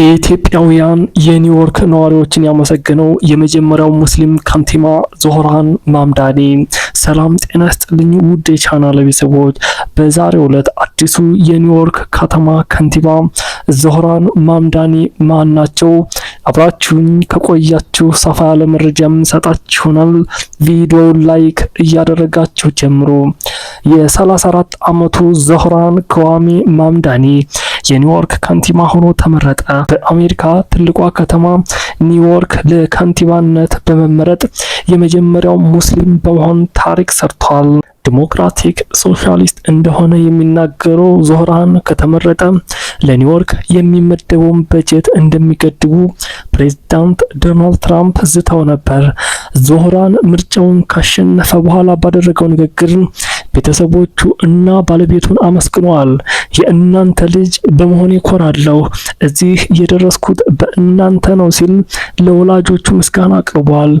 የኢትዮጵያውያን የኒውዮርክ ነዋሪዎችን ያመሰገነው የመጀመሪያው ሙስሊም ከንቲባ ዞህራን ማምዳኔ ሰላም ጤና ስጥልኝ ውድ የቻናል ቤተሰቦች። በዛሬው ዕለት አዲሱ የኒውዮርክ ከተማ ከንቲባ ዞህራን ማምዳኒ ማን ናቸው? አብራችሁኝ ከቆያችሁ ሰፋ ያለ መረጃ የምንሰጣችሁ ይሆናል። ቪዲዮ ላይክ እያደረጋችሁ ጀምሮ የ34 ዓመቱ ዞህራን ከዋሚ ማምዳኒ የኒውዮርክ ከንቲባ ሆኖ ተመረጠ። በአሜሪካ ትልቋ ከተማ ኒውዮርክ ለከንቲባነት በመመረጥ የመጀመሪያው ሙስሊም በመሆን ታሪክ ሰርቷል። ዲሞክራቲክ ሶሻሊስት እንደሆነ የሚናገረው ዞህራን ከተመረጠ ለኒውዮርክ የሚመደበውን በጀት እንደሚገድቡ ፕሬዚዳንት ዶናልድ ትራምፕ ዝተው ነበር። ዞህራን ምርጫውን ካሸነፈ በኋላ ባደረገው ንግግር ቤተሰቦቹ እና ባለቤቱን አመስግነዋል። የእናንተ ልጅ በመሆኔ ኮራለሁ፣ እዚህ የደረስኩት በእናንተ ነው ሲል ለወላጆቹ ምስጋና አቅርቧል።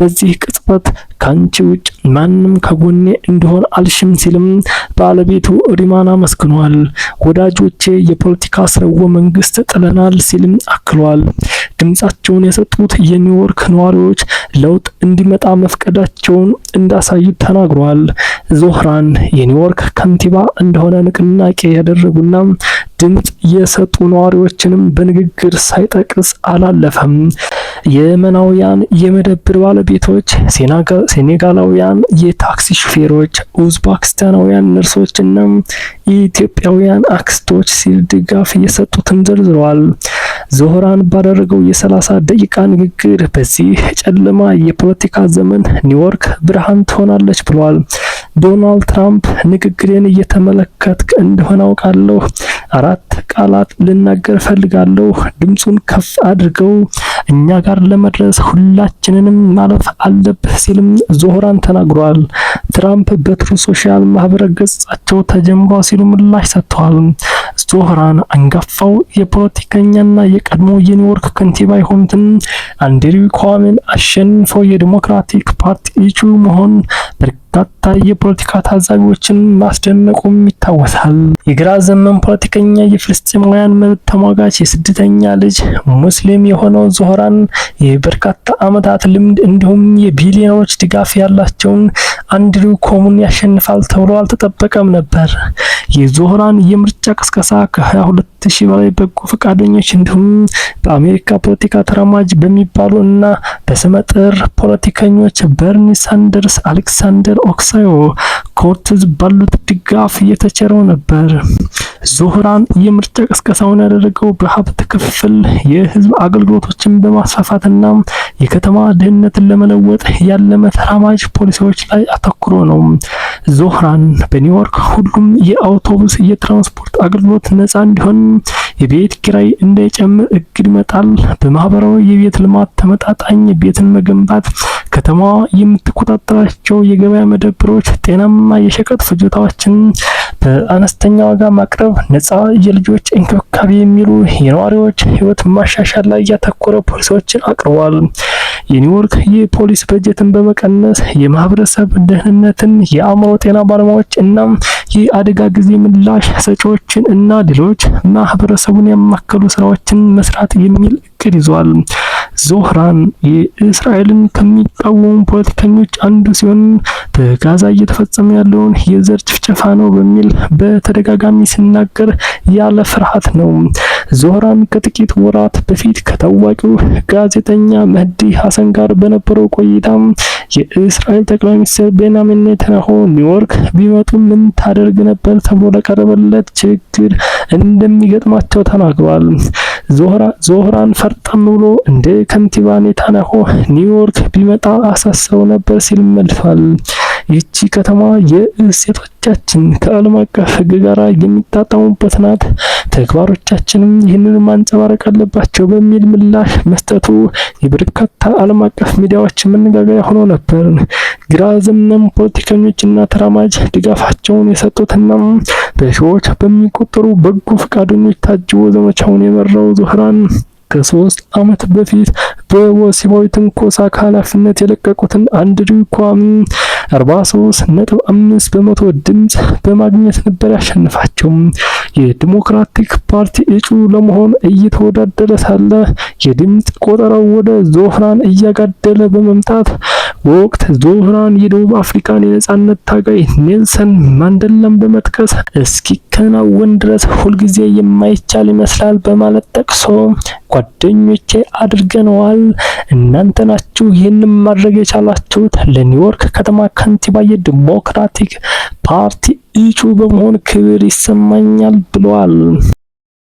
በዚህ ቅጽበት ከአንቺ ውጭ ማንም ከጎኔ እንዲሆን አልሽም ሲልም ባለቤቱ ሪማን አመስግኗል። ወዳጆቼ የፖለቲካ ስርወ መንግስት ጥለናል ሲልም አክሏል። ድምጻቸውን የሰጡት የኒውዮርክ ነዋሪዎች ለውጥ እንዲመጣ መፍቀዳቸውን እንዳሳዩት ተናግሯል። ዞህራን የኒውዮርክ ከንቲባ እንደሆነ ንቅናቄ ያደረ ያደረጉና ድምጽ የሰጡ ነዋሪዎችንም በንግግር ሳይጠቅስ አላለፈም። የመናውያን የመደብር ባለቤቶች፣ ሴኔጋላውያን የታክሲ ሹፌሮች፣ ኡዝባክስታናውያን ነርሶችና ኢትዮጵያውያን አክስቶች ሲል ድጋፍ እየሰጡትን ዘርዝረዋል። ዞህራን ባደረገው የሰላሳ ደቂቃ ንግግር በዚህ ጨለማ የፖለቲካ ዘመን ኒውዮርክ ብርሃን ትሆናለች ብሏል። ዶናልድ ትራምፕ ንግግሬን እየተመለከትክ እንደሆነ አውቃለሁ። አራት ቃላት ልናገር ፈልጋለሁ ድምፁን ከፍ አድርገው እኛ ጋር ለመድረስ ሁላችንንም ማለፍ አለብህ ሲልም ዞህራን ተናግሯል። ትራምፕ በትሩ ሶሻል ማህበረ ገጻቸው ተጀምሯ ሲሉ ምላሽ ሰጥተዋል። ዞህራን አንጋፋው የፖለቲከኛና የቀድሞ የኒውዮርክ ከንቲባ የሆኑትን አንድሪው ኮሚን አሸንፈው የዲሞክራቲክ ፓርቲ እጩ መሆን በርካታ የፖለቲካ ታዛቢዎችን ማስደነቁም ይታወሳል። የግራ ዘመን ፖለቲከኛ፣ የፍልስጤማውያን መብት ተሟጋች፣ የስደተኛ ልጅ ሙስሊም የሆነው ዞህራን የበርካታ ዓመታት ልምድ እንዲሁም የቢሊዮኖች ድጋፍ ያላቸውን አንድሪው ኮሙን ያሸንፋል ተብሎ አልተጠበቀም ነበር። የዞህራን የምርጫ ቅስቀሳ ከ22 ሺህ በላይ በጎ ፈቃደኞች እንዲሁም በአሜሪካ ፖለቲካ ተራማጅ በሚባሉ እና በስመጥር ፖለቲከኞች በርኒ ሳንደርስ፣ አሌክሳንደር ኦክሳዮ ኮርትዝ ባሉት ድጋፍ እየተቸረው ነበር። ዞህራን የምርጫ ቅስቀሳውን ያደረገው በሀብት ክፍል የህዝብ አገልግሎቶችን በማስፋፋትና የከተማ ድህነትን ለመለወጥ ያለመ ተራማጅ ፖሊሲዎች ላይ አተኩሮ ነው። ዞህራን በኒውዮርክ ሁሉም የአው የአውቶቡስ የትራንስፖርት አገልግሎት ነጻ እንዲሆን፣ የቤት ኪራይ እንዳይጨምር እግድ መጣል፣ በማህበራዊ የቤት ልማት ተመጣጣኝ ቤትን መገንባት፣ ከተማዋ የምትቆጣጠራቸው የገበያ መደብሮች ጤናማ የሸቀጥ ፍጆታዎችን በአነስተኛ ዋጋ ማቅረብ፣ ነጻ የልጆች እንክብካቤ የሚሉ የነዋሪዎች ህይወት ማሻሻል ላይ ያተኮረ ፖሊሲዎችን አቅርቧል። የኒውዮርክ የፖሊስ በጀትን በመቀነስ የማህበረሰብ ደህንነትን፣ የአእምሮ ጤና ባለሙያዎች እና የአደጋ ጊዜ ምላሽ ሰጪዎችን እና ሌሎች ማህበረሰቡን ያማከሉ ስራዎችን መስራት የሚል እቅድ ይዟል። ዞህራን የእስራኤልን ከሚቃወሙ ፖለቲከኞች አንዱ ሲሆን በጋዛ እየተፈጸመ ያለውን የዘር ጭፍጨፋ ነው በሚል በተደጋጋሚ ሲናገር ያለ ፍርሃት ነው። ዞህራን ከጥቂት ወራት በፊት ከታዋቂው ጋዜጠኛ መህዲ ሀሰን ጋር በነበረው ቆይታ የእስራኤል ጠቅላይ ሚኒስትር ቤንያሚን ኔታንያሁ ኒውዮርክ ቢመጡ ምን ታደርግ ነበር ተብሎ ለቀረበለት ችግር እንደሚገጥማቸው ተናግሯል። ዞህራን ፈርጠም ብሎ እንደ ከንቲባ ኔታንያሁ ኒውዮርክ ቢመጣ አሳሰው ነበር ሲል መልሷል። ይቺ ከተማ የእሴቶቻችን ከዓለም አቀፍ ሕግ ጋር የሚጣጣሙበት ናት። ተግባሮቻችንም ይህንን ማንጸባረቅ አለባቸው በሚል ምላሽ መስጠቱ የበርካታ ዓለም አቀፍ ሚዲያዎች መነጋገሪያ ሆኖ ነበር። ግራ ዘመም ፖለቲከኞችና ተራማጅ ድጋፋቸውን የሰጡትና በሺዎች በሚቆጠሩ በጎ ፈቃደኞች ታጅቦ ዘመቻውን የመራው ዙህራን ከሶስት ዓመት በፊት በወሲባዊ ትንኮሳ ከኃላፊነት የለቀቁትን አንድ ነጥብ 5 በመቶ ድምፅ በማግኘት ነበር ያሸንፋቸው። የዲሞክራቲክ ፓርቲ እጩ ለመሆን እየተወዳደረ ሳለ የድምፅ ቆጠራው ወደ ዞፍራን እያጋደለ በመምጣት በወቅት ዞህራን የደቡብ አፍሪካን የነጻነት ታጋይ ኔልሰን ማንደላን በመጥቀስ እስኪከናወን ድረስ ሁልጊዜ የማይቻል ይመስላል በማለት ጠቅሶ ጓደኞቼ አድርገነዋል፣ እናንተ ናችሁ ይህንን ማድረግ የቻላችሁት። ለኒውዮርክ ከተማ ከንቲባ የዲሞክራቲክ ፓርቲ እጩ በመሆን ክብር ይሰማኛል ብለዋል።